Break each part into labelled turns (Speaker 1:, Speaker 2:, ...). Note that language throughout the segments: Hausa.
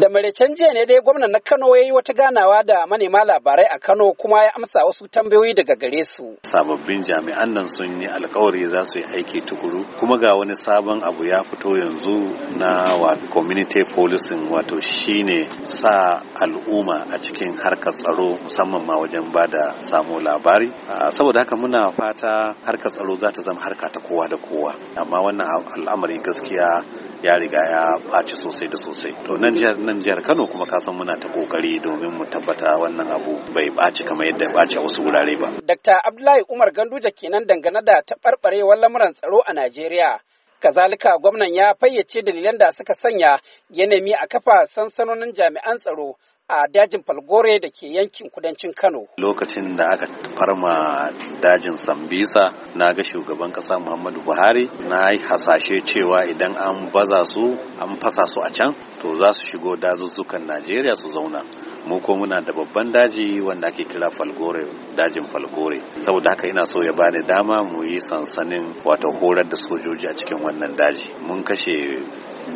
Speaker 1: Da maraicen jiya ne dai gwamnan na Kano ya yi wata ganawa da manema labarai a Kano kuma ya amsa wasu tambayoyi daga gare su.
Speaker 2: Sababbin jami'an nan sun yi alkawari za su yi aiki tukuru kuma ga wani sabon abu ya fito yanzu na community policing wato shine sa al'umma a cikin harkar tsaro musamman ma wajen ba da samo labari. Saboda haka muna fata harkar tsaro za ta zama harka ta kowa da kowa amma wannan al'amari gaskiya ya riga ya ɓaci sosai da sosai. To nan nan jihar Kano kuma kasan muna ta kokari domin mu tabbata wannan abu bai ɓaci kamar yadda ya ɓaci a wasu wurare ba.
Speaker 1: Dr. Abdullahi Umar ganduja kenan dangane da taɓarɓarewar lamuran tsaro a Najeriya. Kazalika gwamnan ya fayyace dalilan da suka sanya ya nemi a kafa sansanonin jami'an tsaro a dajin falgore da ke yankin kudancin kano
Speaker 2: lokacin da aka farma dajin sambisa na ga shugaban kasa muhammadu buhari na hasashe cewa idan an baza su an fasa su a can to za su shigo dazuzzukan najeriya su zauna mu ko muna da babban daji wanda ake kira falgore dajin falgore saboda haka ina so ya bani dama mu yi sansanin wato horar da sojoji a cikin wannan daji mun kashe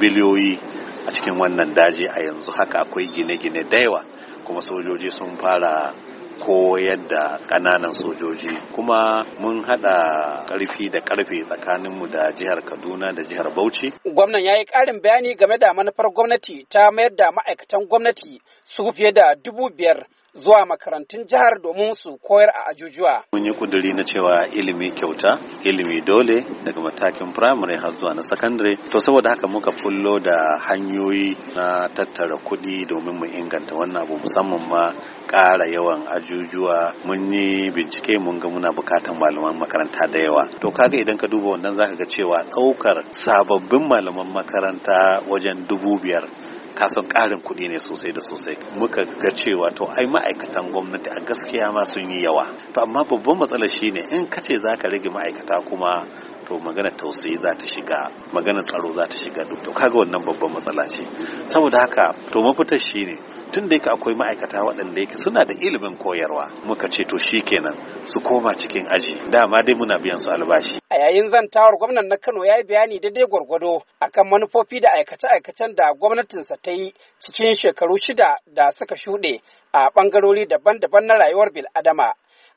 Speaker 2: biliyoyi a cikin wannan daji a yanzu haka akwai gine-gine da yawa kuma sojoji sun fara koyar da ƙananan sojoji kuma mun haɗa ƙarfi da ƙarfe tsakaninmu da jihar Kaduna da jihar Bauchi.
Speaker 1: Gwamnan ya yi ƙarin bayani game da manufar gwamnati ta mayar da ma'aikatan gwamnati su fiye da dubu biyar zuwa makarantun jihar domin su koyar a ajujuwa.
Speaker 2: Mun yi kuduri na cewa ilimi kyauta, ilimi dole daga matakin firamare har zuwa na sakandare. To saboda haka muka fullo da hanyoyi na tattara kuɗi domin mu inganta wannan abu musamman ma ƙara yawan ajujuwa. Mun yi bincike mun ga muna bukatan malaman makaranta da yawa. To kaga idan ka duba wannan zaka ga cewa ɗaukar sababbin malaman makaranta wajen dubu biyar kasan karin kuɗi ne sosai da sosai muka ga cewa to ai ma'aikatan gwamnati a gaskiya ma sun yi yawa to amma babban matsalar shine in ka ce za ka rage ma'aikata kuma to magana tausayi za ta shiga magana tsaro za ta shiga duk to kaga wannan babban matsala ce saboda haka to mafitar shine tun da yake akwai ma'aikata waɗanda yake suna da ilimin koyarwa muka ce to shi kenan su koma cikin aji dama dai muna biyan su albashi
Speaker 1: a yayin zantawar gwamnan na Kano ya yi bayani daidai gwargwado akan manufofi da aikace-aikacen da gwamnatinsa ta yi cikin shekaru shida da suka shuɗe a ɓangarori daban-daban na rayuwar bil'adama.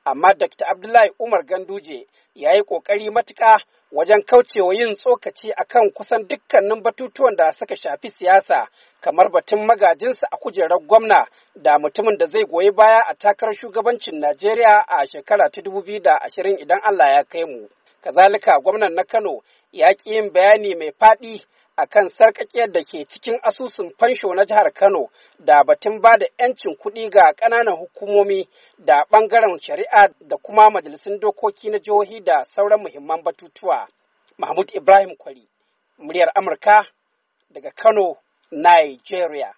Speaker 1: Amma Dr. Abdullahi Umar Ganduje ya yi ƙoƙari matuka wajen kaucewa yin tsokaci akan kusan dukkanin batutuwan da suka shafi siyasa kamar batun magajinsa a kujerar gwamna da mutumin da zai goyi baya a takarar shugabancin Najeriya a shekara ta 2020 idan Allah ya kai mu. Kazalika gwamnan na Kano ya ƙi yin bayani mai faɗi a kan sarƙaƙiyar da ke cikin asusun fansho na jihar Kano da batun ba da 'yancin kuɗi ga ƙananan hukumomi da ɓangaren shari'a da kuma majalisun dokoki na jihohi da sauran muhimman batutuwa. Mahmud Ibrahim Kwari, muryar Amurka daga Kano, Nigeria.